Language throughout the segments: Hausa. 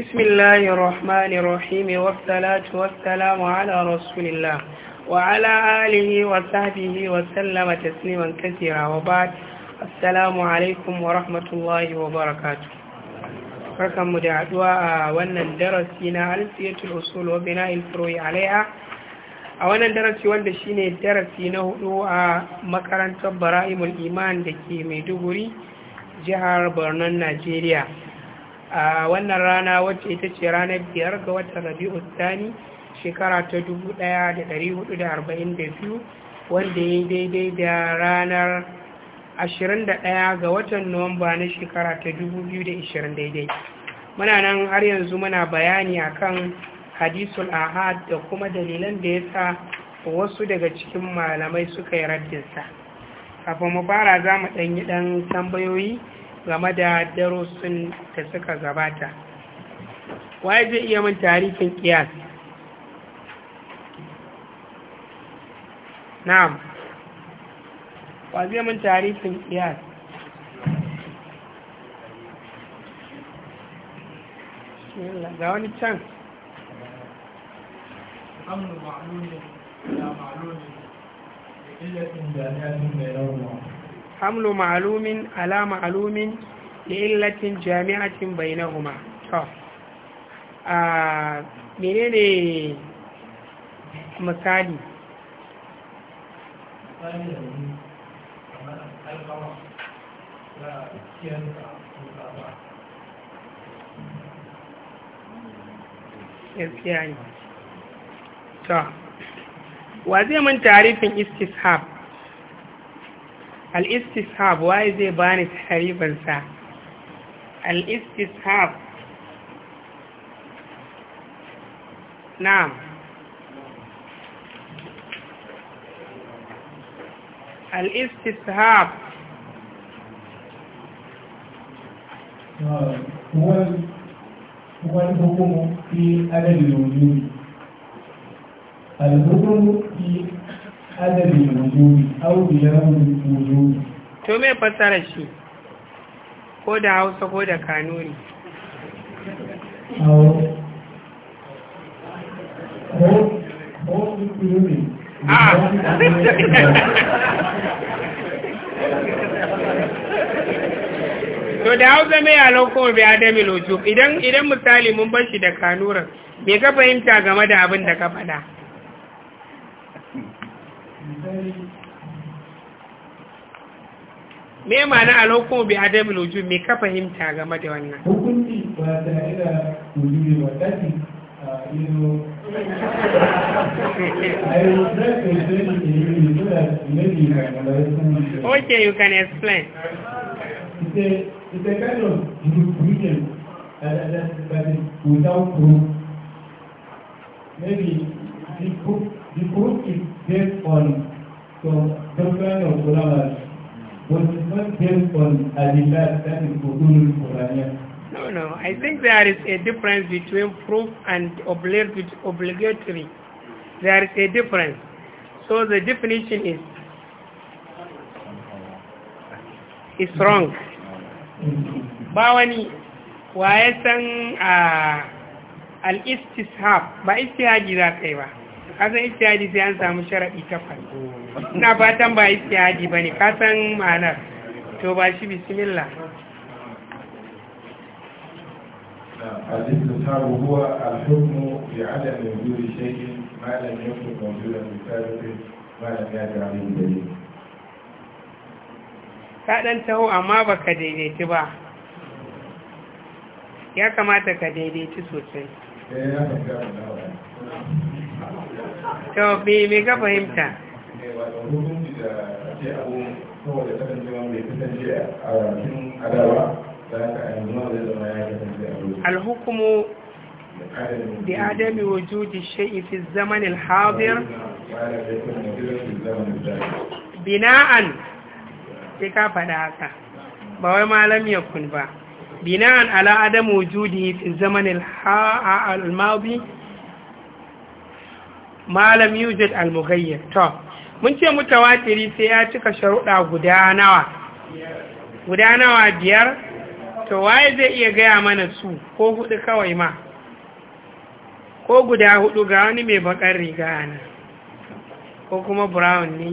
بسم الله الرحمن الرحيم والصلاة والسلام على رسول الله وعلى آله وصحبه وسلم تسليما كثيرا وبعد السلام عليكم ورحمة الله وبركاته barkan mu da haɗuwa a wannan darasi na alfiyatul usul wa bina'il furu'i a wannan darasi wanda shine darasi na hudu a makarantar bara'imul iman da ke maiduguri jihar Borno Najeriya a wannan rana wacce ita ce ranar biyar ga watan rabi'u tsani shekara ta 1442 wanda ya daidai da ranar 21 ga watan nuwamba na shekara ta 2020 daidai muna nan har yanzu muna bayani a kan hadisul ahad da kuma dalilan da ya sa wasu daga cikin malamai suka yi raddinsa kafin mu fara za mu ɗanyi ɗan tambayoyi game da darussan da suka gabata waye zai iya min tarihin kiyas na'am wa zai min tarihin kiyas ga wani can amur ma'alulun ya ma'alulun da illatin da ya nuna yawon hamlu ma'alumin ala ma'alumin li'illatin jami'atin bainahuma to a menene misali gaskiya ne to wa zai mun tarifin istishab الاستصحاب وايزي باني تحريبا سا الاستصحاب نعم الاستصحاب هو هو الحكم في عدد الوجود الحكم في adabin wujudi au biyan wujudi to me fassara shi ko da hausa ko da kanuri ah! to da hausa mai alaukowar bai Adamin lojo idan misali mun bashi da kanuran me ka fahimta game da abin da ka faɗa me bi me ka fahimta game da wannan hukunci ba Okay, you can explain. It's a, it's a kind of religion that, that, without proof. Maybe the proof, the proof is based on some, some of was not on adillat, that is Usul al No, no. I think there is a difference between proof and obligatory. There is a difference. So the definition is is wrong. Bawani, wa waye san uh, al-istishab ba istihaji za kai ba. kasan istihadi sai an samu sharaɗi takwas ina fatan ba istihadi ba ne kasan ma'anar to ba shi bismillah malam ya ka ɗan taho amma ba ka daidaitu ba ya kamata ka daidaitu sosai eh, to me me ka fahimta alhukumu بعدم وجود الشيء في الزمن الحاضر بناء ka faɗa haka ba wai malam yakun ba bina'an ala adam wujudihi fi zaman al malam yujid al-mughayyir to mun ce mutawatiri sai ya cika sharuɗa guda nawa biyar to waye zai iya gaya mana su ko hudu kawai ma ko guda hudu ga wani mai bakar riga na ko kuma brown ne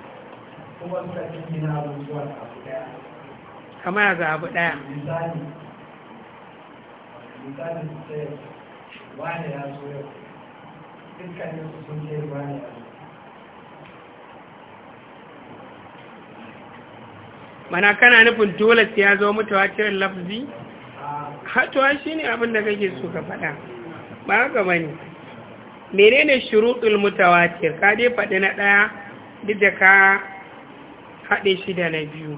Ka suka daya ga abu daya mana kana nufin dole ya zo mutuwa cirin lafzi ah. hatuwa shi ne abin da kake so ka faɗa ba haka ba ne menene shuruɗul mutawatir ka dai faɗi na ɗaya duk da ka haɗe shi da na biyu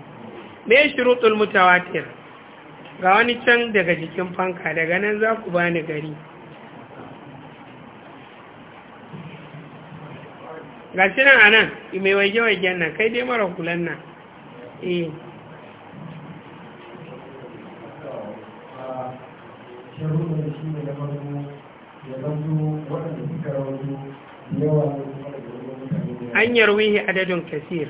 me shuruɗul mutawatir ga wani can daga jikin fanka daga nan za ku bani gari ga shi nan a nan mai waje-wajen nan kai dai mara kulan nan eh an yarwihi adadin kasir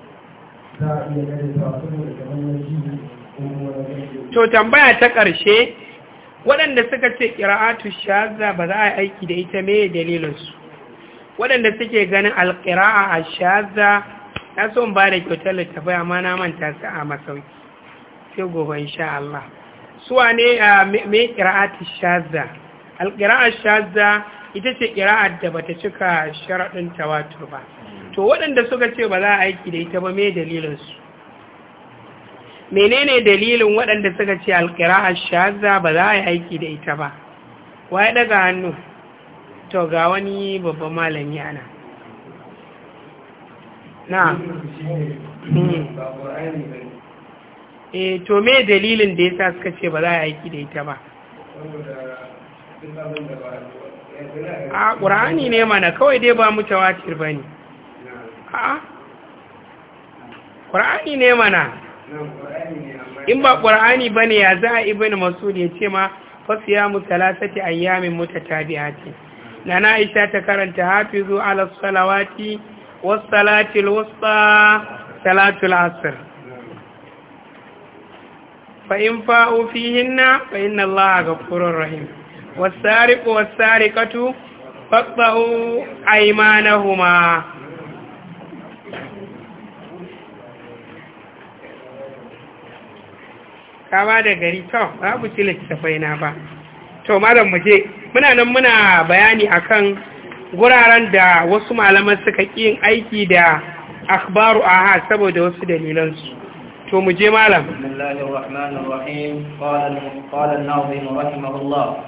to tambaya ta ƙarshe waɗanda suka ce ƙira'atu shaza ba za a yi aiki da ita mai dalilinsu waɗanda suke ganin alƙira'a a shaza na son ba da kyautar littafai amma na manta su a masauki sai gobe insha Allah suwa ne a mai ƙira'atu shaza alƙira'a shaza ita ce ƙira'ar da bata cika sharaɗin tawatur ba to waɗanda suka ce ba za a aiki da ita ba me dalilinsu menene dalilin waɗanda suka ce alƙira'ar shaza ba za a yi aiki da ita ba waye daga hannu to ga wani babban malami ana na e to me dalilin da ya sa suka ce ba za a yi aiki da ita ba a ƙura'ani ne mana kawai dai ba mutawatir ba ne Kur'ani ne mana in ba ƙura'ani ba ne ya za a ibini masu ne ce ma fasiya mu talatati ayyamin na nana isa ta karanta hafizu ala salawati was salatil wusta salatul asir fa in fa'u hinna, fa Allah ga ghafurur rahim wasu tsari was sariqatu faqtahu ma ka ba da gari to babu cile tafai na ba to malam mu muna nan muna bayani akan guraren da wasu malaman suka ƙi yin aiki da akhbaru aha saboda wasu dalilansu to mu je malam bismillahir rahmanir rahim an-nazim rahimahullah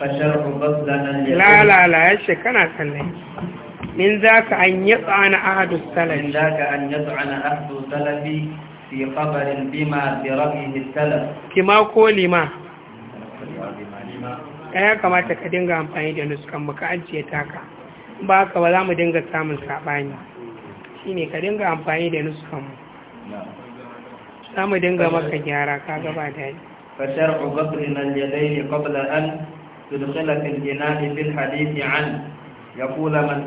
fasharh basdan la la la yace an salafi fi kabarin bima da zirabihi salaf kima ko lima ɗaya kamata ka dinga amfani da nuskan muka ajiye taka ba ka ba za mu dinga samun saɓani shi ne ka dinga amfani da nuskan mu za mu dinga maka gyara ka gaba da yi fashar na aljadai ne kwabla an tulkilafin jinani fil hadithi an ya kula man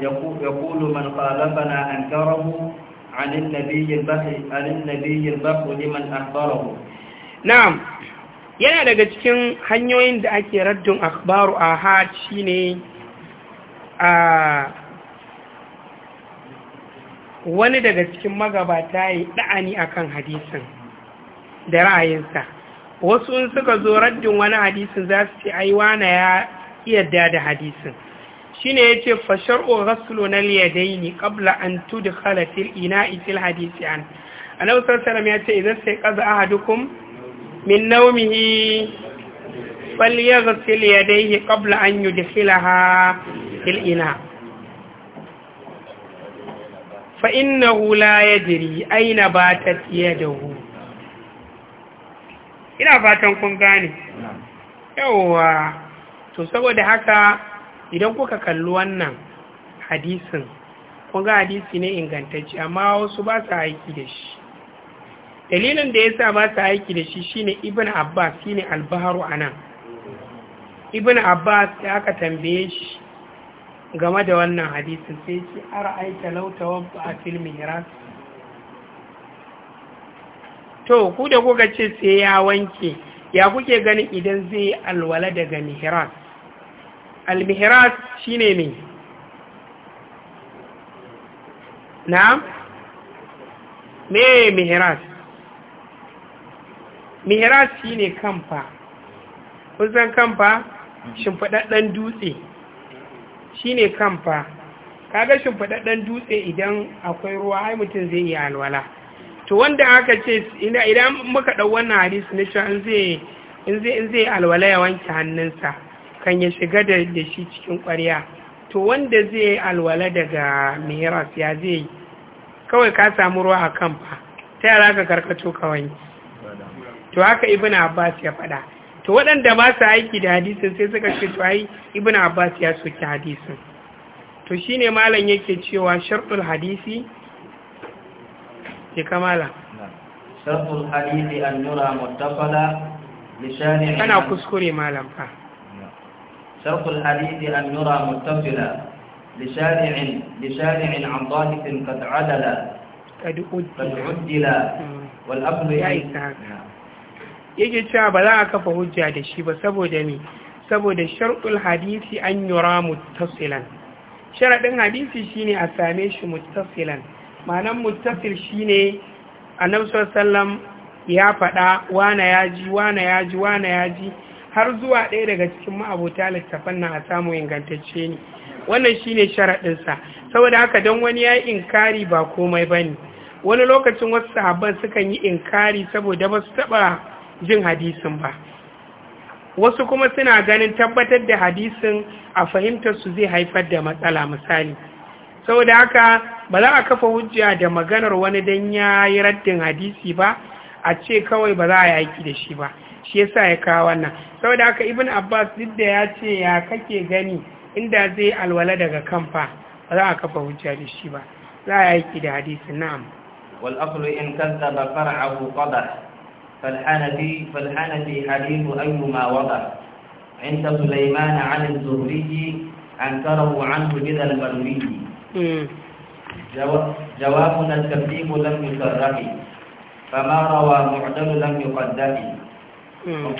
kwalaba na an karahu عن النبي البحر عن النبي البحر لمن أخبره نعم yana daga cikin hanyoyin da ake a akhbaru shi shine a wani daga cikin magabata ya yi da'ani akan hadisin da ra'ayinsa wasu in suka zo raddin wani hadisin za su ce ai wana ya iya da hadisin shine yace fa shar'u ghaslu nal yadaini qabla an tudkhala fil ina'i itil hadisi an A annabi sallallahu ya ce, idan sai qaza ahadukum min nawmihi falyaghsil yadayhi qabla an yudkhilaha fil ina fa hula ya yadri aina ba ta da hu. ina fatan kun gane yawwa to saboda haka idan kuka kalli wannan hadisin kun ga hadisi ne ingantacce amma wasu ba su aiki da shi dalilin da ya sa ba su aiki da shi shine ibn abbas shine albaharu anan ibn abbas ya aka tambaye shi game da wannan hadisin sai ce ara aika lautawa a filmin iran to ku da kuka ce sai ya wanke ya kuke ganin idan zai alwala daga mihras al-mihraj shine me na'am me mihraj mihraj shine kamfa kun san kamfa shimfidaddan dutse shine kamfa kaga shimfidaddan dutse idan akwai ruwa ai mutum zai yi alwala to wanda aka ce idan muka dau wannan hadisi na cewa in zai in zai alwala ya wanke hannunsa kan ya shiga da shi cikin ƙwariya. to wanda zai yi alwala daga miras ya zai yi kawai ka samu ruwa a kan fa ta yara ka karkato kawai to haka ibn abbas ya faɗa to waɗanda ba su aiki da hadisin sai suka ce to ai ibn abbas ya soki hadisin to shine malam yake cewa shartul hadisi ke kamala shartul hadisi an nura lishani kana kuskure malam fa شرط الحديث أن يرى متصلا لشارع لشارع عن ضاهف قد عدل قد عدل والأصل yake cewa ba za a kafa hujja da shi ba saboda me saboda sharɗul hadisi an yura muttasilan sharaɗin hadisi shine a same shi muttasilan ma'anan muttasil shine annabi Sallam ya faɗa wana ya ji wana ya ji wana ya ji har zuwa ɗaya daga cikin ma'abota littafan na a samu ingantacce ne wannan shi ne sharaɗinsa saboda haka don wani ya yi inkari ba komai ba ne wani lokacin wasu sahabban sukan yi inkari saboda ba su taɓa jin hadisin ba wasu kuma suna ganin tabbatar da hadisin a fahimtar su zai haifar da matsala misali saboda haka ba za a kafa hujja da maganar wani don ya yi raddin hadisi ba a ce kawai ba za a yaki da shi ba shi ya sa ya kawo wannan sau da haka ibn abbas duk da ya ce ya kake gani inda zai alwala daga kamfa ba za a kafa hujja da shi ba za a yi da hadisi na'am wal aslu in kazzaba far'ahu qadar فالحنفي فالحنفي حديث جوابنا التكذيب لم يصرح فما روى معدل لم يقدم Hmm.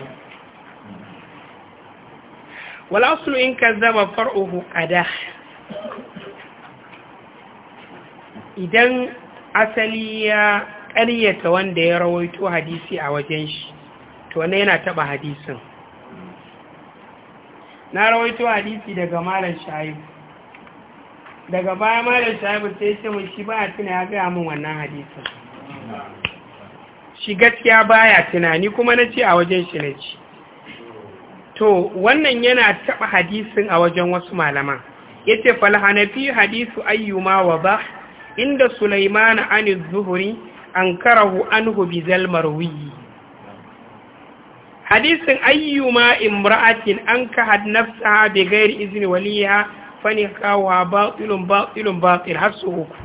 Wala asulu in kazzaba a da idan asali ya ƙaryata wanda ya rawaito hadisi a wajen shi to wannan yana taba hadisin na rawaito hadisi daga malam shaibu daga baya malam shaibu sai ce mun shi ba a tuna ya gaya min wannan hadisin shi gaskiya baya tunani kuma na ce a wajen shi na ci to wannan yana taɓa hadisin a wajen wasu malaman yace ce falhanafi hadisu ayyuma wa ba inda sulaimana an an karahu an hubi zalmarwiyi hadisin ayyuma imra'atin an ka hadnafsa bi izini waliya fani kawo batilun batilun batil har su uku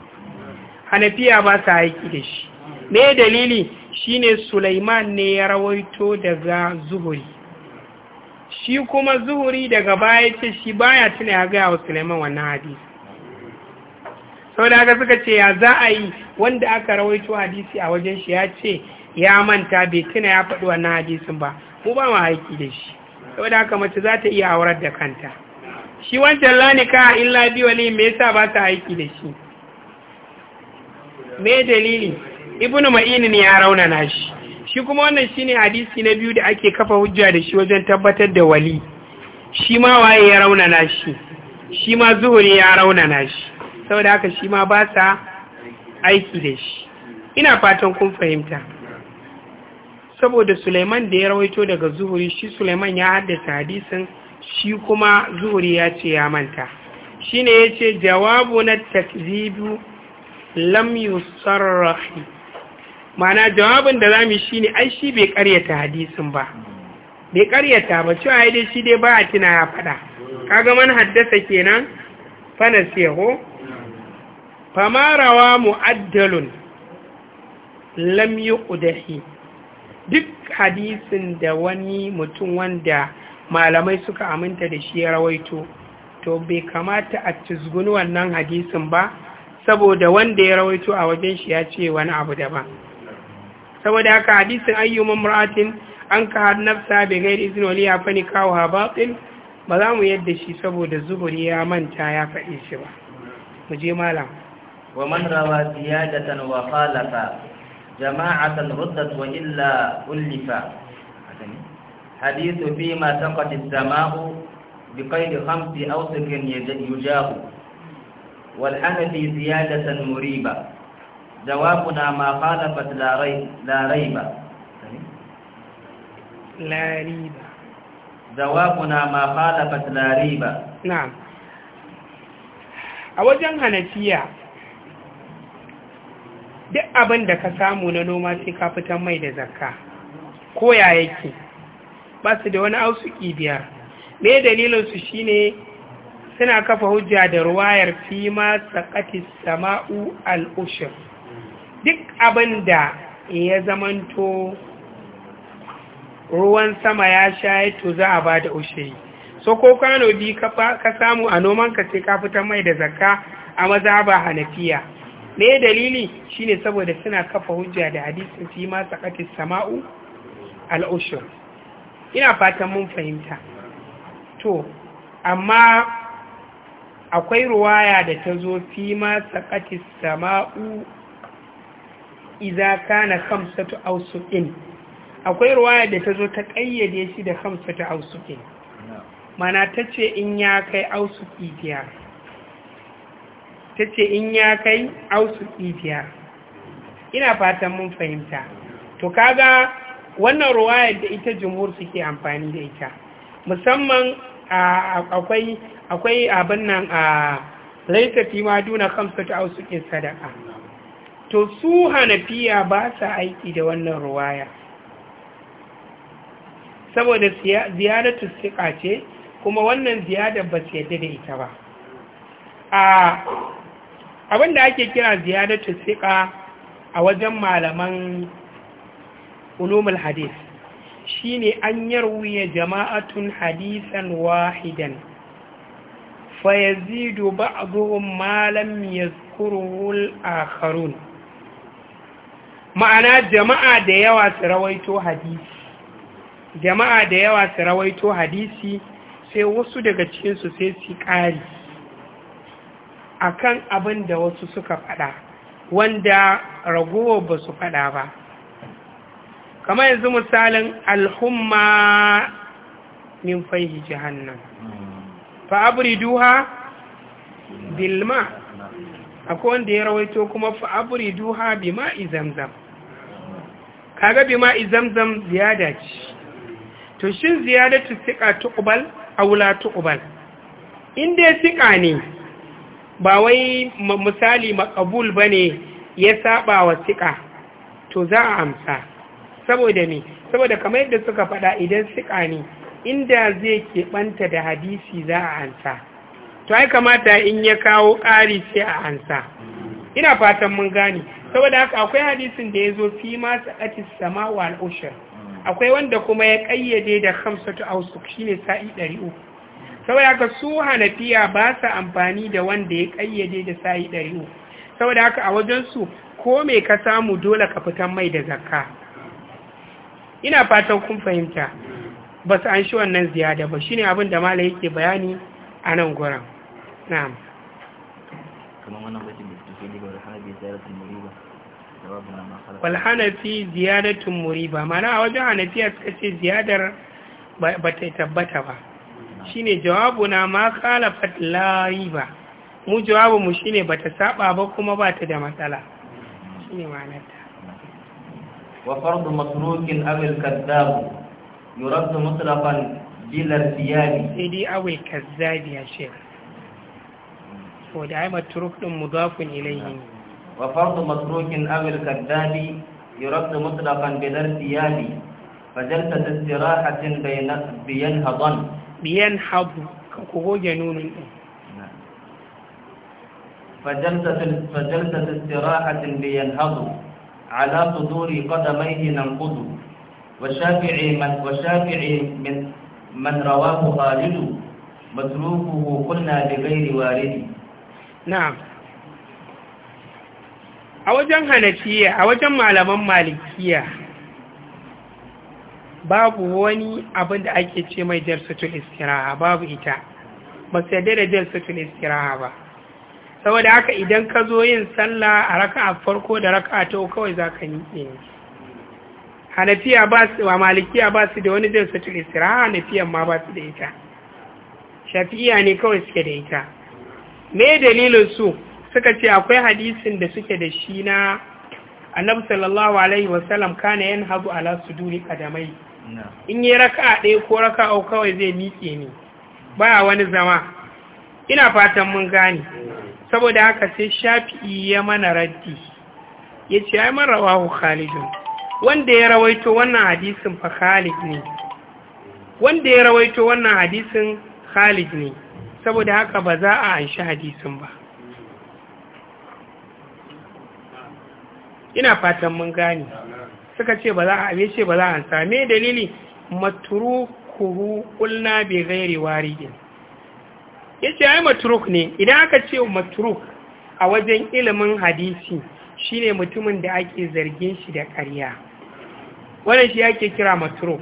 hanafiya ba sa aiki da shi me dalili shine Sulaiman ne ya rawaito daga Zuhuri shi kuma Zuhuri daga baya ce shi baya tuna ya ga wa Sulaiman wannan hadisi saboda haka suka ce ya za a yi wanda aka rawaito hadisi a wajen shi ya ce ya manta bai tuna ya faɗi wannan hadisin ba mu ba mu aiki da shi saboda haka mace za ta iya aurar da kanta shi wancan lanika illa biyu ne me yasa ba ta aiki da shi me dalili ibnu ma'inin ya raunana shi shi kuma wannan shine hadisi na biyu da ake kafa hujja da shi wajen tabbatar da wali shi ma waye ya raunana shi shi ma zuhuri ya raunana shi saboda haka shi ma ba sa aiki da shi ina fatan kun fahimta saboda Suleiman da ya rawaito daga zuhuri shi Suleiman ya haddasa hadisin shi kuma zuhuri ya ce ya manta shine yace jawabu na takzibu lam yusarrahi Ma'ana jawabin da zamu shi ne ai shi bai karyata hadisin ba bai karyata ba cewa ai dai shi dai ba a tuna ya faɗa kaga man haddasa kenan Fa fana seho famarawa mu'addalun lam yuqdahi duk hadisin da wani mutum wanda malamai suka aminta da shi ya rawaito to bai kamata a cizguni wannan hadisin ba saboda wanda ya rawaito a wajen shi ya ce wani abu daban saboda haka hadisin ayyuman mur'atin an ka har nafsa bai gairi izini waliya kawo nikahu batil ba za mu yadda shi saboda zuhuri ya manta ya faɗi shi ba mu je malam wa man rawa ziyadatan wa khalafa jama'atan ruddat wa illa ullifa hadithu fi ma taqati as-sama'u bi qayd khamsi awsakin yujahu wal hanafi ziyadatan muriba جوابنا ما خالفت لا ريب لا ريب لا ريب ما خالفت لا ريب نعم a wajen hanafiya duk abin da ka samu na noma sai ka fitan mai da zakka ko ya yake ba su da wani ausuki biyar me dalilinsu shine suna kafa hujja da ruwayar fi ma sakati sama'u al ushr duk abin da ya zamanto ruwan sama ya sha to za a ba da ushe so ko kwano bi ka samu a nomanka sai ka fitar mai da zakka a maza ba hanafiya me dalili shine saboda suna kafa hujja da hadisin su yi masa katis sama'u al'ushur ina fatan mun fahimta to amma akwai ruwaya da ta zo fi masa katis sama'u idza kana khamsatu awsuqin akwai ruwaya da tazo ta kayyade shi da khamsatu awsuqin mana tace in ya kai awsuqi biya tace in ya kai awsuqi biya ina fatan mun fahimta to kaga wannan ruwaya da ita jumhur suke amfani da ita musamman akwai akwai abin nan a laita fi ma duna khamsatu awsuqin sadaqa to su hanafiya ba sa aiki da wannan ruwaya saboda ziyaratu siƙa ce kuma wannan ziyadar ba su yadda da ita ba abinda ake kira ziyaratu siƙa a wajen malaman ulumul hadis shine an yarwuye jama'atun hadisan wahidan Fa fayazidu ba'dhum ma lam yazkuruhu al-akharun ma'ana jama'a da yawa su rawaito hadisi jama'a da yawa su rawaito hadisi sai wasu daga cikinsu sai su ƙari akan abin da wasu suka faɗa wanda ragowar ba su faɗa ba kamar yanzu misalin alhumma min faihi jihannan fa'abriduha bilma akwai wanda ya rawaito kuma fa'abriduha bima izamzam kaga bi ma izamzam ziyada ce to shin ziyadatu siqa tuqbal aw la tuqbal in dai siqa ne ba wai misali maqbul bane ya saba wa siqa to za a amsa saboda me saboda kamar yadda suka faɗa idan siqa ne inda zai ke keɓanta da hadisi za a amsa, to ai kamata in ya kawo ƙari sai a amsa, ina fatan mun gane saboda haka akwai hadisin da ya zo fi ma sa'ati sama wa al'ushir hmm. akwai wanda kuma ya kayyade da a ausuk shine sa'i 300 saboda haka su hanafiya ba sa amfani da wanda ya kayyade da sa'i 300 saboda haka a wajen su ko mai ka samu dole ka fitan mai da zakka ina fatan kun fahimta ba su an shi wannan ziyada ba shine abin da malai yake bayani a nan gurin na'am wal hanafi ziyadatun muriba mana a wajen hanafiya suka ce ziyadar ba ta tabbata ba shine jawabuna ma kala la ba mu jawabu mu shine ba ta saba ba kuma ba ta da matsala shine ma'anarta wa fardu matrukin awil kaddabu يرد مطلقا بلا kazzabi a أو ko da ai ودعم din مضاف ilayhi وفرض متروك أو الكذاب يرد مطلقا بلا ارتياب فجلسة استراحة بين بينهضا بينهض كوكو جنون فجلسة فجلسة استراحة بينهض على صدور قدميه ننقض وشافعي من وشافعي من من رواه خالد متروكه قلنا بغير وارد نعم a wajen hanafiya a wajen malaman malikiya babu wani abin da ake ce mai jalsatul istiraha babu ita ba su yadda da jalsatul istiraha ba saboda haka idan ka zo yin sallah a raka'a farko da raka'a ta kawai za ka nike ne hanafiya ba su wa malikiya ba su da wani jalsatul istiraha hanafiyan ma ba su da ita shafi'iya ne kawai suke da ita me dalilin su suka ce akwai hadisin da suke da shi na annabi sallallahu alaihi wasallam kana yan hazu ala suduri kadamai in yi raka'a ɗaya ko raka'a kawai zai miƙe ni. ba wani zama ina fatan mun gane saboda haka sai shafi'i ya mana raddi ya ce ai man rawahu khalidun wanda ya rawaito wannan hadisin fa khalid ne wanda ya rawaito wannan hadisin khalid ne saboda haka ba za a anshi hadisin ba ina fatan mun gani suka ce ba za a ce ba za a same dalili matrukuhu kulna bi ghairi waridin yace ai matruk ne idan aka ce matruk a wajen ilimin hadisi shine mutumin da ake zargin shi da ƙarya wannan shi ake kira matruk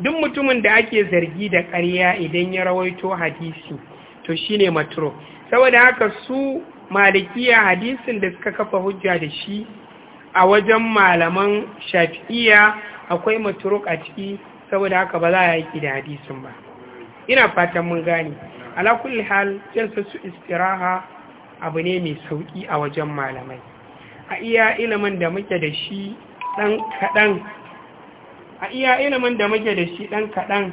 duk mutumin da ake zargi da ƙarya idan ya rawaito hadisi to shine matruk saboda haka su malikiya hadisin da suka kafa hujja da shi a wajen malaman shafi'iya akwai maturuk a ciki saboda haka ba za a yi da hadisin ba ina fatan mun gane ala kulli hal su istiraha abu ne mai sauki a wajen malamai a iya ilimin da muke da shi dan kadan a iya ilimin da muke da shi dan kadan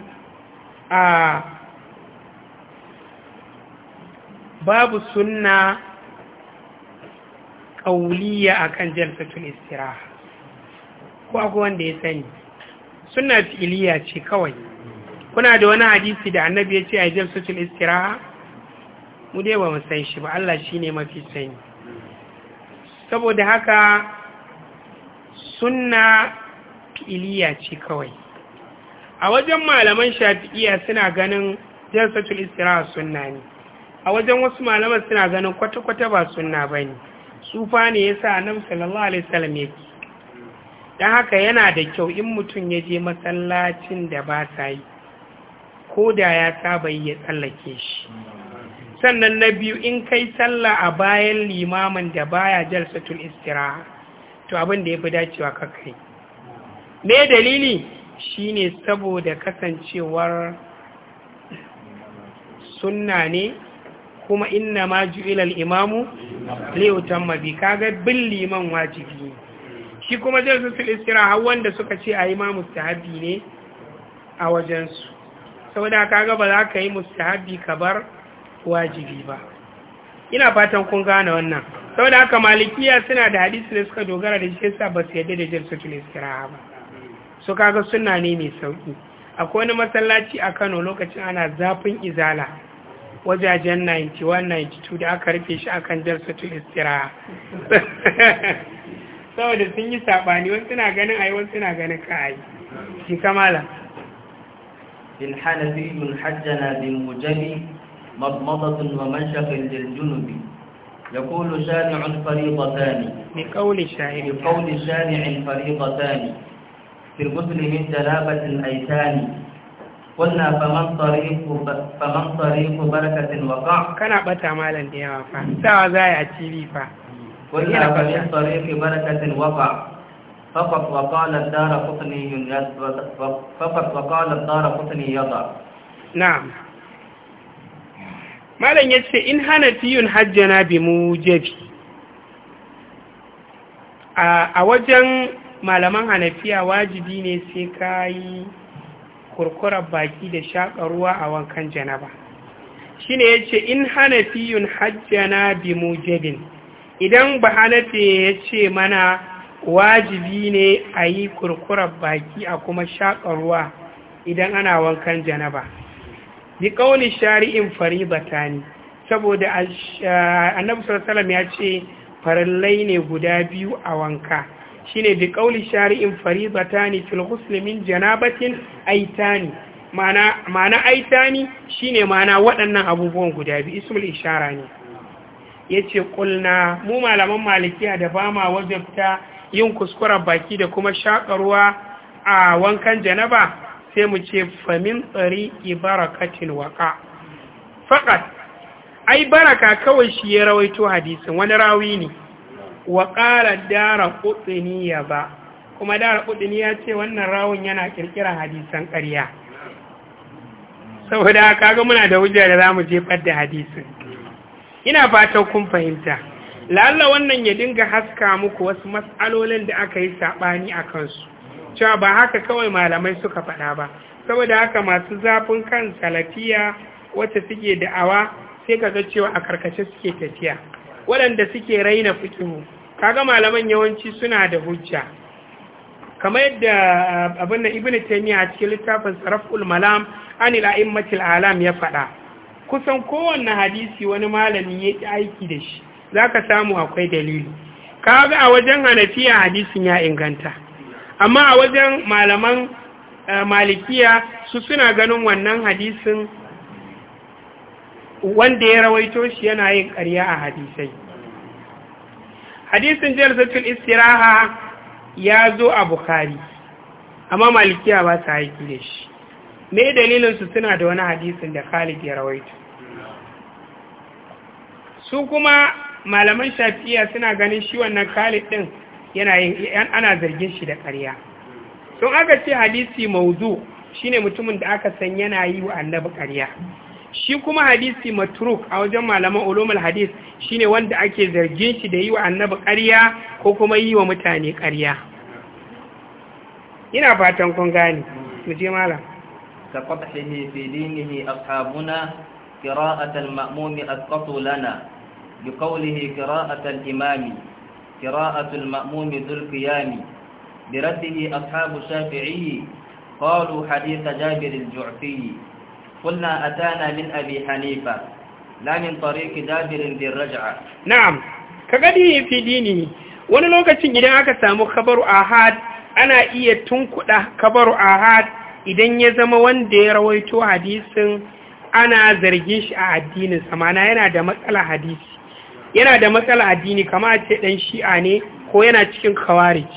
a babu sunna auliya akan jalsatul istiraha ko akwai wanda ya sani sunna fi'iliya ce kawai kuna da wani hadisi da annabi ya ce a jalsatul istiraha mu dai ba mu san shi ba Allah shine mafi sani saboda haka sunna fi'iliya ce kawai a wajen malaman shafi'iya suna ganin jalsatul istiraha sunna ne a wajen wasu malaman suna ganin kwata-kwata ba sunna bane Sufa ne ya sa nan sallallahu alaihi wasallam ce don haka yana da kyau in mutum ya je masallacin da ba sa yi ko da ya saba yi ya tsallake shi sannan na biyu in kai sallah a bayan limamin da baya jalsatul istiraha to abin da ya fi dacewa ka kai me dalili shine saboda kasancewar sunna ne kuma inna ma juilal imamu li mabi. kaga bin liman wajibi shi kuma jalsatul istiraha wanda suka ce yi ma mustahabi ne a wajensu. su saboda kaga ba za ka yi mustahabi ka bar wajibi ba ina fatan kun gane wannan saboda haka malikiya suna da hadisi da suka dogara da shi sa ba su yadda da jalsatul istiraha ba so kaga sunna ne mai sauki akwai wani masallaci a Kano lokacin ana zafin izala wajajen 91-92 da aka rufe shi akan jarsa tu istira saboda sun yi saɓani wani suna ganin ayi wani suna ganin ka ayi shi kamala bin hannabi bin hajjana bin mujami mabmadatun wa manshafin jirjunubi ya kulu shari'un fariba ta ne mai kauli shari'in fariba ta ne firgusulimin jalabatin aita ne kunna faman tariqu faman tariqu barakatin waqa kana bata malam da yawa fa sawa za ya ci bi fa kunna faman tariqu barakatin waka. faqat wakalar qala dar ya yadwa faqat wa qala dar in hana tiyun hajjana bi mu mujabi a wajen malaman hanafiya wajibi ne sai kai kurkurar baki da shaƙa ruwa a wankan janaba shi ne ya ce in hanafiyun hajjana bi mujabin idan ba hanafi ya ce mana wajibi ne a yi kurkurar baki a kuma shaƙa ruwa idan ana wankan janaba bi ƙauni shari'in fari batani, saboda annabi Salam ya ce farallai ne guda biyu a wanka shine bi qauli shari'in faridatani fil ghusl min janabatin aitani mana mana aitani shine mana waɗannan abubuwan guda bi ismul ishara ne yace kulna mu malaman malikiya da ba ma wajabta yin kuskuren baki da kuma shakarwa a wankan janaba sai mu ce famin tsari ibarakatin waka faqat ai baraka kawai shi ya rawaito hadisin wani rawi ne wa ƙara dara ya ba kuma dara ya ce wannan rawun yana ƙirƙira hadisan ƙarya saboda kaga muna da wujar da za zamu jefar da hadisin ina fatan kun fahimta lalla wannan ya dinga haska muku wasu matsalolin da aka yi saɓani a kansu cewa ba haka kawai malamai suka faɗa ba saboda haka masu zafin kan salafiya wacce suke da'awa sai ka ga cewa a karkace suke tafiya waɗanda suke raina fikihu kaga malaman yawanci suna da hujja kamar yadda eh, abin da ibnu taymiya a cikin littafin sarful malam anil a'immatil alam ya faɗa kusan kowanne hadisi wani malami ya aiki da shi zaka samu akwai dalili kaga a wajen hanafiya hadisin ya inganta amma a wajen malaman eh, malikiya su suna ganin wannan hadisin wanda ya rawaito shi yana yin ƙarya a hadisai hadisin jalsatul istiraha ya zo a bukhari amma malikiya ba ta haiki da shi me dalilinsu suna da wani hadisin da khalid ya rawaito su kuma malaman shafiya suna ganin shi wannan khalid din yana yin ana zargin shi da ƙarya sun aka ce hadisi mauzu shine mutumin da aka san yana yi wa annabi ƙarya shi kuma hadisi matruk a wajen malaman ulumul hadis shine wanda ake zargin shi da yi wa annabi ƙarya ko kuma yi wa mutane ƙarya ina fatan kun gane mu je malam ka qadhihi fi dinihi ashabuna qira'at al-ma'mum asqatu lana bi qawlihi qira'at al-imam qira'at dhul qiyam bi ashabu shafi'i qalu hadith jabir al-ju'fi قلنا أتانا من أبي حنيفة لا من طريق جابر ذي الرجعة نعم كقدي في دينه wani lokacin idan aka samu kabaru ahad ana iya tunkuɗa kabaru ahad idan ya zama wanda ya rawaito hadisin ana zargin shi a addinin samana yana da matsala hadisi yana da matsala addini kama ce ɗan shi'a ne ko yana cikin kawarij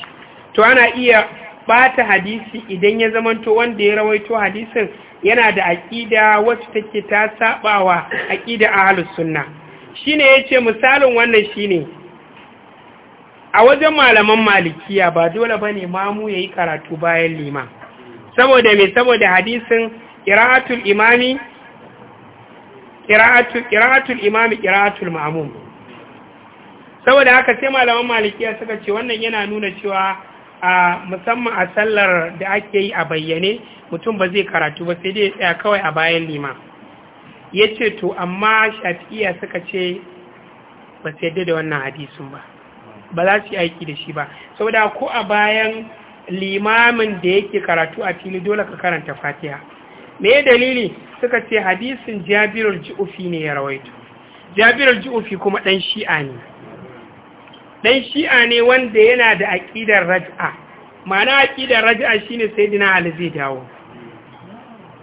to ana iya bata hadisi idan ya zamanto wanda ya rawaito hadisin yana da aƙida wacce take ta sabawa aƙida a shi sunna shine ce misalin wannan shine a wajen malaman malikiya ba dole ba ne mamu ya yi karatu bayan liman saboda me saboda hadisin qira'atul imami qira'atul imami mamu saboda haka sai malaman malikiya suka ce wannan yana nuna cewa a musamman a sallar da ake yi a bayyane mutum ba zai karatu ba sai dai tsaya kawai a bayan lima ya ce to amma shafi'iya suka ce ba su yadda da wannan hadisun ba ba za su yi aiki da shi ba saboda ko a bayan limamin da yake karatu a fili dole ka karanta fatiha me dalili suka ce hadisin jabirul ji'ufi ne ya rawaito Jabirar ji'ufi kuma dan shi'a ne dan shi'a ne wanda yana da aƙidar raj'a ma'ana aƙidar raj'a shine sayyidina ali zai dawo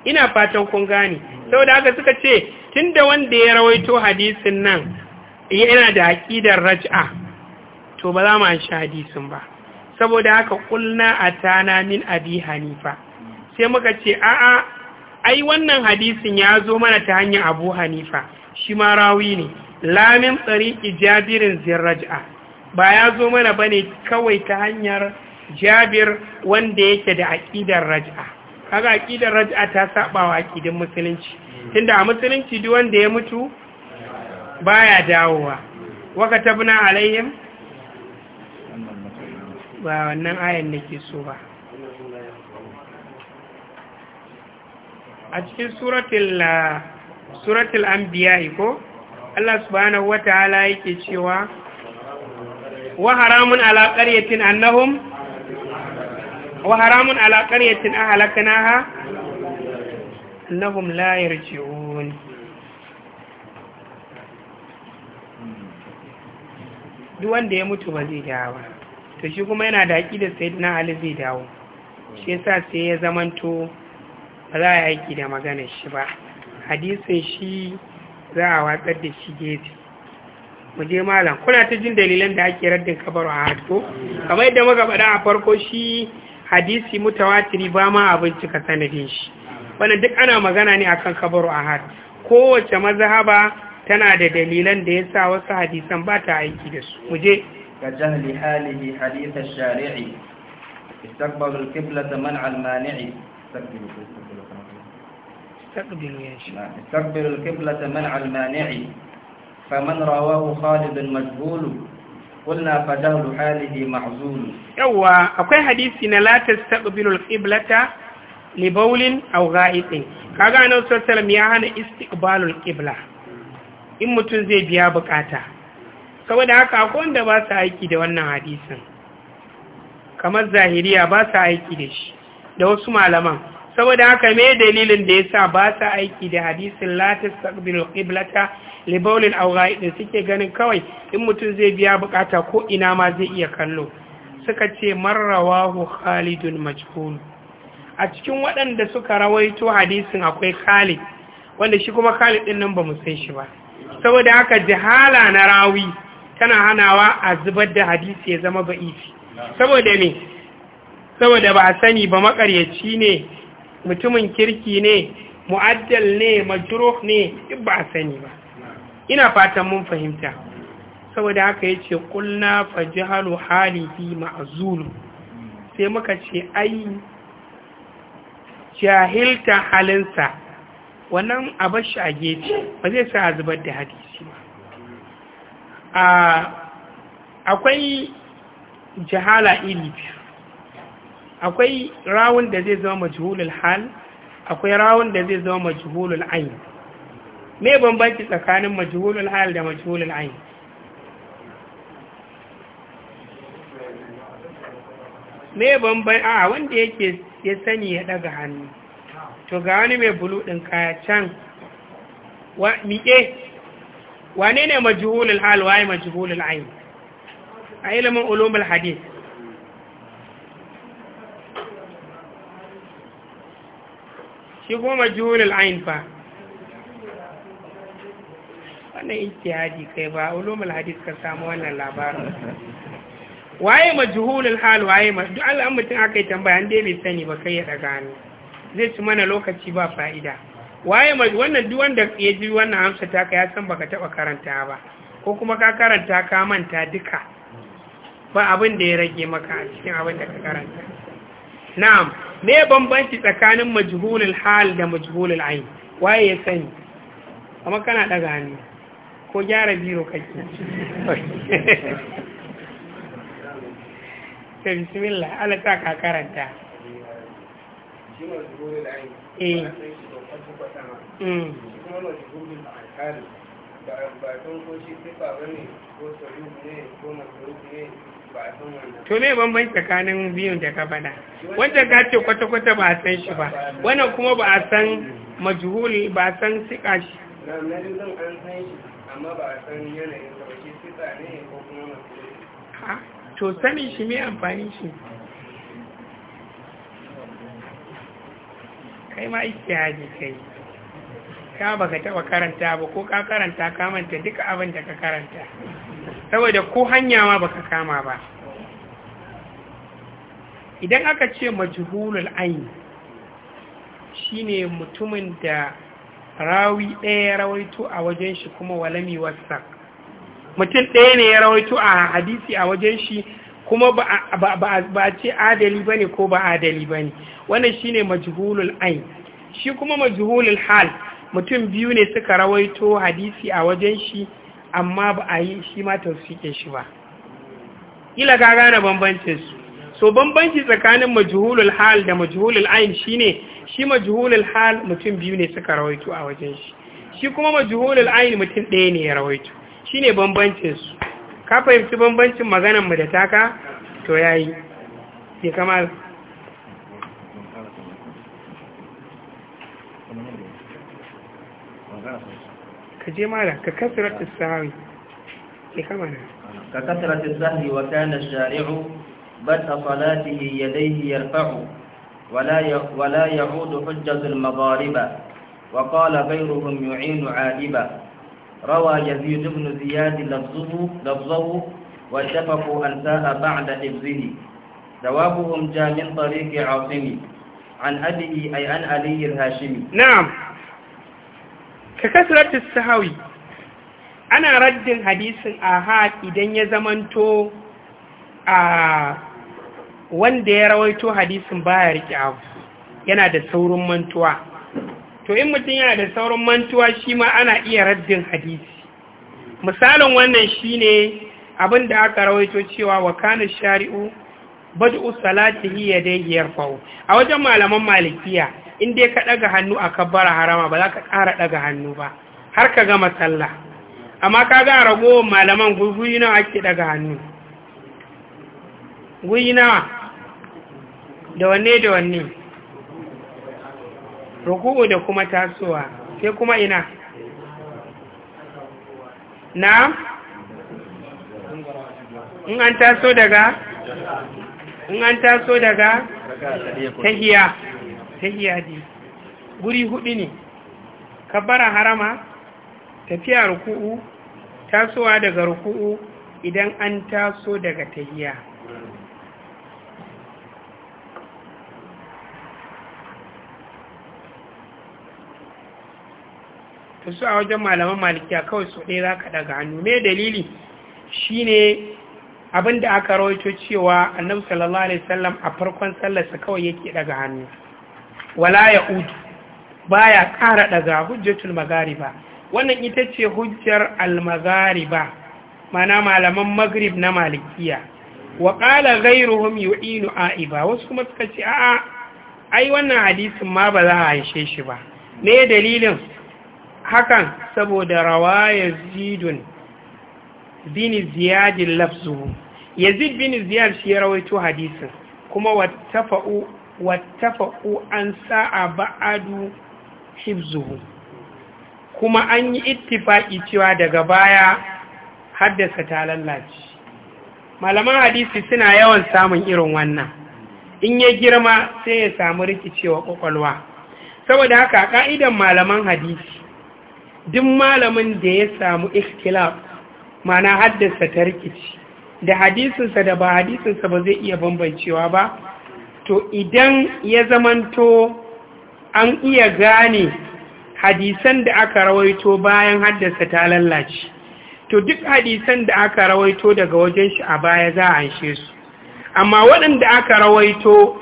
ina fatan kun gane saboda haka suka ce tunda wanda ya rawaito hadisin nan yana da aƙidar raj'a to ba za mu an sha hadisin ba saboda haka kulna atana min abi hanifa sai muka ce a'a ai wannan hadisin ya zo mana ta hanyar abu hanifa shi ma rawi ne lamin tsariƙi jabirin zirraj'a ba ya zo mana ba ne kawai ta hanyar jabir wanda yake da aƙidar raj'a kaga aƙidar raj'a ta saba wa aƙidin musulunci tunda a musulunci duk wanda ya mutu baya dawowa wa na alaihim ba wannan ayan nake so ba a cikin suratul anbiya'i ko Allah subhanahu ta'ala yake cewa wa haramun ala qaryatin annahum wa haramun ala qaryatin ahlaknaha annahum la yarji'un duk wanda ya mutu ba zai dawo to shi kuma yana da aqidar sayyidina ali zai dawo shi yasa sai ya zamanto ba za a yi aiki da maganar shi ba hadisin shi za a watsar da shi gefe mu je malam kuna ta jin dalilan da ake raddin kabaru a hatto kamar yadda muka faɗa a farko shi hadisi mutawatiri ba ma a bincika sanadin shi wannan duk ana magana ne akan kabaru a hat kowace mazhaba tana da dalilan da yasa wasu hadisan ba ta aiki da su mu je ka jahli halihi hadith ash-shari'i استقبل القبلة منع المانع faman rawahu khalidun majhulu قلنا فدهل حاله معزول يوا akwai hadisi na la tastaqbilul qiblata li bawlin aw gha'itin kaga annabi sallallahu ya hana istiqbalul qibla in mutum zai biya bukata saboda haka akwai wanda ba su aiki da wannan hadisin kamar zahiriya ba su aiki da shi da wasu malaman saboda haka me dalilin da yasa ba su aiki da hadisin la tastaqbilul qiblata libaulin aurai din suke ganin kawai in mutum zai biya bukata ko ina ma zai iya kallo suka ce marrawahu khalidun majhul a cikin waɗanda suka rawaito hadisin akwai khalid wanda shi kuma khalid din nan ba mu san shi ba saboda haka jahala na rawi tana hanawa a zubar da hadisi ya zama ba'ifi saboda ne saboda ba a sani ba makaryaci ne mutumin kirki ne mu'addal ne majruh ne ba a sani ba ina fatan mun fahimta saboda haka ya ce ƙulna fajihalu halifi ma'azulu sai muka ce ai jahilta halinsa wannan shi a gece ba zai sa a zubar da hadisi ba akwai jahala iri biyu akwai rawun da zai zama majhulul hal akwai rawun da zai zama majhulul ayin me bambanci tsakanin majhulul hal da majhulul ayn me bambai a wanda yake ya sani ya daga hannu to ga wani mai bulu din kaya can wa miƙe wane ne majhulul hal waye majhulul ayn a ilimin ulumul hadith shi kuma majhulul ayn fa wannan ijtihadi kai ba ulumul hadith kan samu wannan labarin waye majhulul hal waye ma duk Allah mutum akai tambaya an dai bai sani ba kai ya daga hannu zai ci mana lokaci ba fa'ida waye ma wannan duk wanda ya ji wannan amsa ta ka ya san baka taba karanta ba ko kuma ka karanta ka manta duka ba abin da ya rage maka a cikin abin da ka karanta na'am me bambanci tsakanin majhulul hal da majhulul ayn waye ya sani amma kana daga hannu ko gyara biro kake ta bismillah alata ka karanta eh. mm. to me bambanci tsakanin biyun da ka bada wanda ka ce kwata-kwata ba a san shi ba wannan kuma ba a san majhul ba a san sika shi amma to sani shi mai amfani shi kai ma haji kai ka baka taba karanta ba ko ka karanta kamanta manta duka abin da ka karanta saboda ko hanya ma ka kama ba idan aka ce majhulul shi shine mutumin da rawi ɗaya ya rawaito a wajen shi kuma walami wasa mutum ɗaya ne ya rawaito a hadisi a wajen shi kuma ba a ce adali ba ne ko ba adali ba ne wannan shi ne majhulul ain shi kuma majhulul hal mutum biyu ne suka rawaito hadisi a wajen shi amma ba a yi shi ma tausiƙe shi ba ila ka gane bambancin su so bambanci tsakanin majhulul hal da majhulul ayn shine shi majhulul hal mutum biyu ne suka rawaito a wajen shi shi kuma majhulul ayn mutum ɗaya ne ya rawaito shine bambancin su ka fahimci bambancin maganar mu da taka to yayi ke kamal ka je mara ka kasratis sahawi ke kamar ka kasratis sahawi wa kana shari'u بدء صلاته يديه يرفع ولا ولا يعود حجة المضاربة وقال غيرهم يعين عائبا روى يزيد بن زياد لفظه, لفظه وشفقوا أن ساء بعد حفظه جوابهم جاء من طريق عاصم عن أبيه أي عن علي الهاشمي نعم ككثرة السهوي أنا رد حديث آهات إذن يزمنتو آه wanda ya rawaito hadisin baya rike abu yana da saurin mantuwa to in mutum yana da saurin mantuwa shi ma ana iya raddin hadisi misalin wannan shine abin da aka rawaito cewa wa kana shari'u bad'u dai hiyar fawo a wajen malaman malikiya in dai ka daga hannu a kabbara harama ba za ka ƙara ɗaga hannu ba har ka gama sallah amma ka ga ragowar malaman gurguri nawa ake daga hannu guri nawa da wanne da wanne ruku'u da kuma tasowa sai kuma ina na in an taso daga in an taso daga tahiya tahiya ne guri hudu ne kabbara harama tafiya ruku'u tasowa daga ruku'u idan an taso daga tahiya to su a wajen malaman malikiya kawai su ɗaya za ka daga hannu me dalili shine abin da aka rawaito cewa annabi sallallahu alaihi a farkon sallarsa kawai yake daga hannu wala ya udu baya ƙara daga hujjatul magariba wannan ita ce hujjar al-maghariba mana malaman magrib na malikiya wa qala ghayruhum yu'inu aiba wasu kuma suka ce a'a ai wannan hadisin ma ba za a haishe shi ba me dalilin hakan saboda rawa zidun bin ziyadin lafzuhu yazid bin Ziyar shi ya rawaito hadisin kuma wattafa'u an sa'a ba'adu hibzuhu kuma an yi ittifaki cewa daga baya haddasa ta lallace malaman hadisi suna yawan samun irin wannan in ya girma sai ya samu rikicewa kwakwalwa saboda haka ka'idan malaman hadisi duk malamin da ya samu ikhtilaf mana haddasa ta rikici da hadisinsa da ba hadisinsa ba zai iya bambancewa ba to idan ya zamanto an iya gane hadisan da aka rawaito bayan haddasa ta lallace to duk hadisan da aka rawaito daga wajen shi a baya za a anshe su amma waɗanda aka rawaito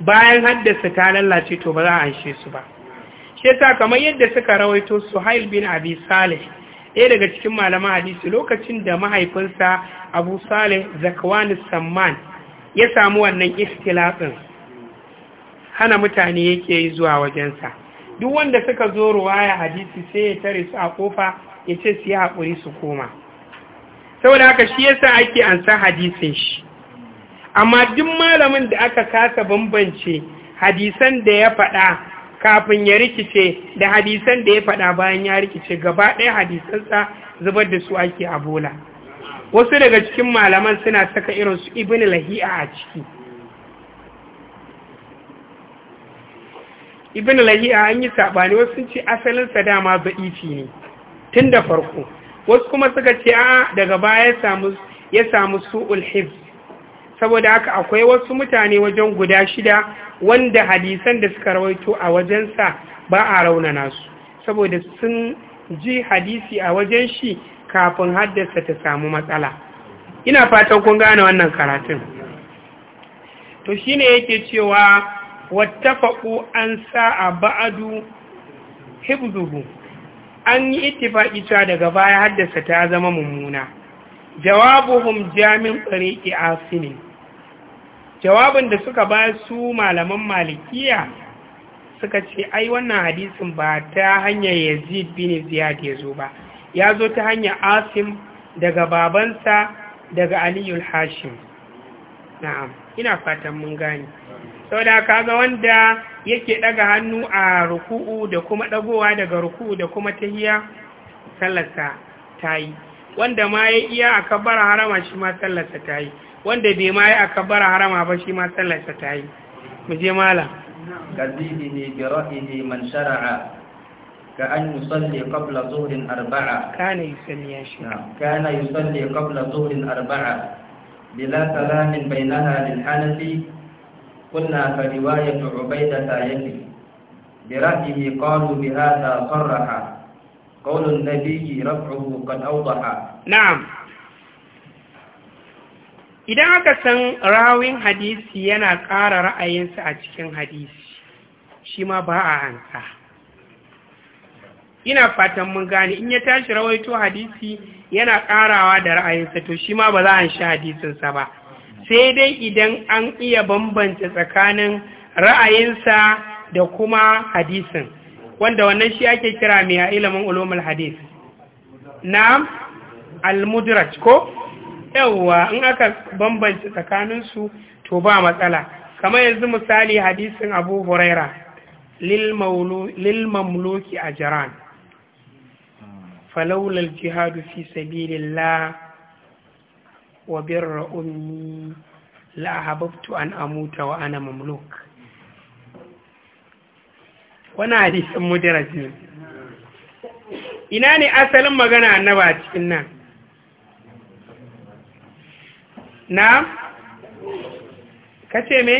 bayan haddasa ta lallace to ba za a anshe su ba shi kamar yadda suka rawaito Suhail bin Abi Salih ɗaya daga cikin malaman hadisi lokacin da mahaifinsa Abu Salih Zakwan Samman ya samu wannan istilatsin hana mutane yake yi zuwa wajensa duk wanda suka zo ruwaya hadisi sai ya tare su a kofa ya ce su yi haƙuri su koma saboda haka shi yasa ake ansa hadisin shi amma duk malamin da aka kasa bambance hadisan da ya faɗa kafin ya rikice da hadisan da ya faɗa bayan ya rikice gaba ɗaya hadisansa zubar da su ake a bola wasu daga cikin malaman suna saka irin su ibn lahi'a a ciki ibini lahi'a an yi saɓani wasu sun ce asalinsa dama ba'ifi ne tun da farko wasu kuma suka ce a daga baya ya samu su'ul hifz saboda haka akwai wasu mutane wajen guda shida wanda hadisan da suka rawaito a wajensa ba a raunana su saboda sun ji hadisi a wajen shi kafin haddasa ta samu matsala ina fatan kun gane wannan karatun to shine yake cewa wattafaqu an sa'a ba'adu hibzuhu an yi ittifaqi cewa daga baya haddasa ta zama mummuna jawabuhum jamin tsariƙi asinin jawabin da suka ba su malaman malikiya suka ce ai wannan hadisin ba ta hanyar yazid bin ziyad ya zo ba ya zo ta hanyar asim daga babansa daga aliyul hashim na'am ina fatan mun gani saboda ga wanda yake daga hannu a ruku'u da kuma dagowa daga ruku'u da kuma tahiya sallarsa tayi wanda ma ya iya a kabbara harama shi ma sallarsa tayi wanda bai ma yi akabbara harama ba shi ma sallarsa ta yi mu je mala kazihihi bi ra'ihi man shara'a ka an yusalli qabla zuhrin arba'a kana yusalli ya shi kana yusalli qabla zuhrin arba'a bila salamin bainaha lil hanafi kunna fa قلنا فرواية bi يكفي qalu bi بهذا sarraha قول النبي رفعه قد أوضح نعم idan aka san rawin hadisi yana ƙara ra'ayinsa a cikin hadisi shi ma ba a hansa ina fatan mun gane in ya tashi rawaito hadisi yana ƙarawa da ra'ayinsa to shi ma ba za a sha hadisinsa ba sai dai idan an iya bambanta tsakanin ra'ayinsa da kuma hadisin wanda wannan shi ake kira mai a ilimin ulumul hadis na al-mudraj ko Yauwa in aka bambance tsakaninsu to ba matsala kamar yanzu misali hadisin abu huraira lil mamluki ajran falawla al jihadu fi sabilillah wa birra ummi la an amuta wa ana mamluk wannan hadisin mudaraj ina ne asalin magana annaba a cikin nan na kace me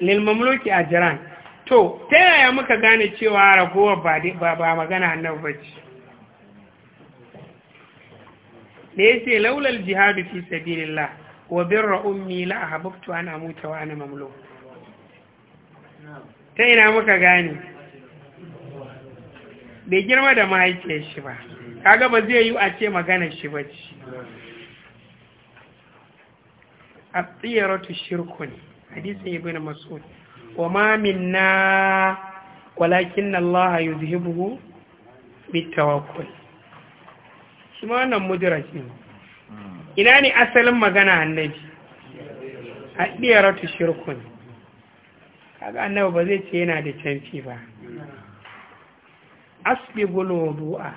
lilmamluki a jiran to ta yaya muka gane cewa ragowar ba ba magana annabi bace da yace laulal jihadu fi sabilillah wa birra ummi a ahbabtu ana amuta wa ana mamluk ta ina muka gane bai girma da mahaifiyar shi ba kaga ba zai yi a ce magana shi ba bace at-tiyaratu shirkun hadisin ibn mas'ud wa ma minna walakin Allah ya yuzhibuhu bitawakkul shi ma wannan mudraj ne ina ne asalin magana annabi at-tiyaratu shirkun kaga annabi ba zai ce yana da canfi ba asbigul wudu'a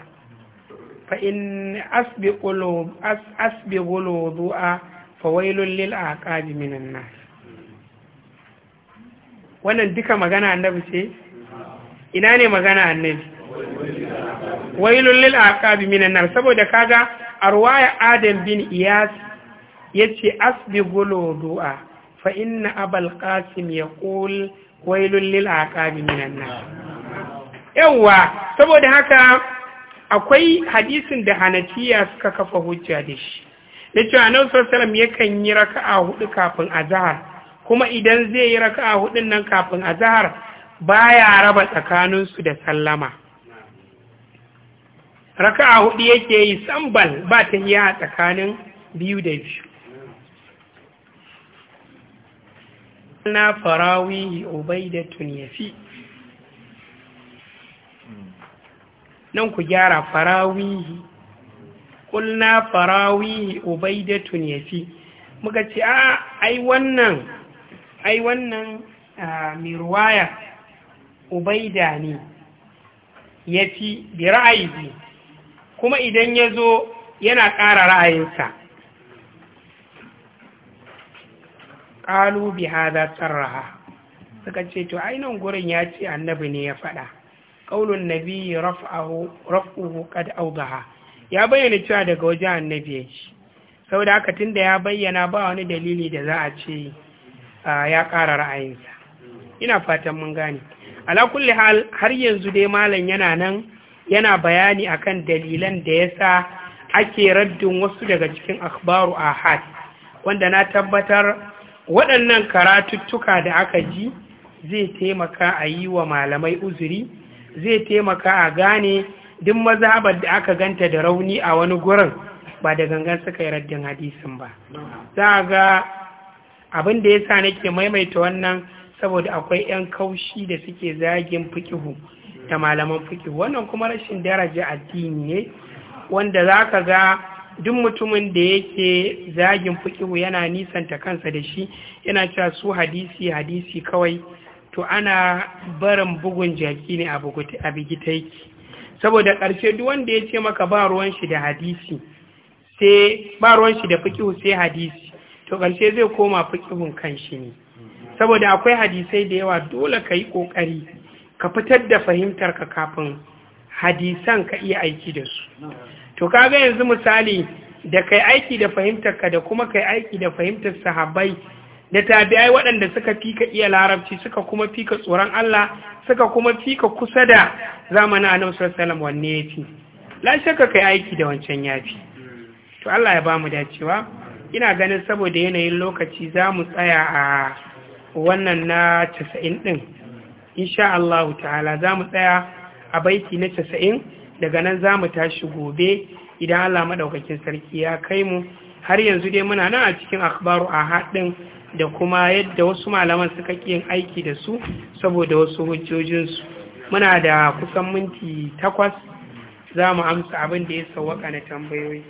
fa in asbigul wudu'a fawailun lil aqabi minan nas wannan duka magana annabi ce ina ne magana annabi wailun lil aqabi minan nas saboda kaga arwaya adam bin iyas yace asbi du'a fa inna abal qasim yaqul wailun lil aqabi minan nas yawa saboda haka akwai hadisin da hanafiya suka kafa hujja da shi ce a sallallahu alaihi yakan yi raka'a hudu kafin zahar, kuma idan zai yi raka'a hudun nan kafin zahar, baya raba tsakaninsu da sallama raka'a hudu yake yi sambal ba ta yi a tsakanin biyu da biyu na farawi da tunyafi nan ku gyara farawihi kulna farawi ubaidatun yafi muka ce a ai wannan ai wannan mai ruwaya ubaida ne yafi bi ra'ayi kuma idan ya zo yana ƙara ra'ayinsa ƙalu bi hada suka ce to ainihin gurin ya ce annabi ne ya faɗa ƙaunin nabi raf'uhu kada audaha. ya bayyana cewa daga wajen annabi ya Sau saboda haka tun da ya bayyana ba wani dalili da za a ce ya ƙara ra'ayinsa ina fatan mun gane ala kulli har yanzu dai malam yana nan yana bayani akan dalilan da yasa ake raddin wasu daga cikin akhbaru ahad wanda na tabbatar waɗannan karatuttuka da aka ji zai taimaka a yi wa malamai uzuri zai taimaka a gane duk mazhabar da aka ganta da rauni a wani gurin ba da gangan suka yi raddin hadisin ba za a ga abin da ya sa nake maimaita wannan saboda akwai 'yan kaushi da suke zagin fikihu da malaman fikihu wannan kuma rashin daraja addini ne wanda za ka ga duk mutumin da yake zagin fikihu yana nisanta kansa da shi yana cewa su hadisi hadisi kawai to ana barin bugun jaki ne a bigitaiki saboda ƙarshe duk wanda ya ce maka ba ruwan shi da hadisi sai ba ruwan shi da fikihu sai hadisi to ƙarshe zai koma kan shi ne saboda akwai hadisai da yawa dole ka yi ƙoƙari ka fitar da fahimtarka kafin hadisan ka iya aiki da su to kaga yanzu misali da kai aiki da fahimtarka da kuma kai aiki da fahimtar sahabbai da tabi'ai waɗanda suka fika iya larabci suka kuma fika tsoron Allah suka kuma fika kusa da zamanin annabi sallallahu alaihi wanne yafi la shakka kai aiki da wancan yafi to Allah ya bamu dacewa ina ganin saboda yanayin lokaci zamu tsaya a wannan na 90 din insha Allah ta'ala zamu tsaya a baiti na 90 daga nan zamu tashi gobe idan Allah madaukakin sarki ya kai mu har yanzu dai muna nan a cikin akhbaru a haɗin da kuma yadda wasu malaman suka yin aiki da su saboda wasu hujjojinsu muna da kusan minti takwas za mu amsa abin da ya sauwaka na tambayoyi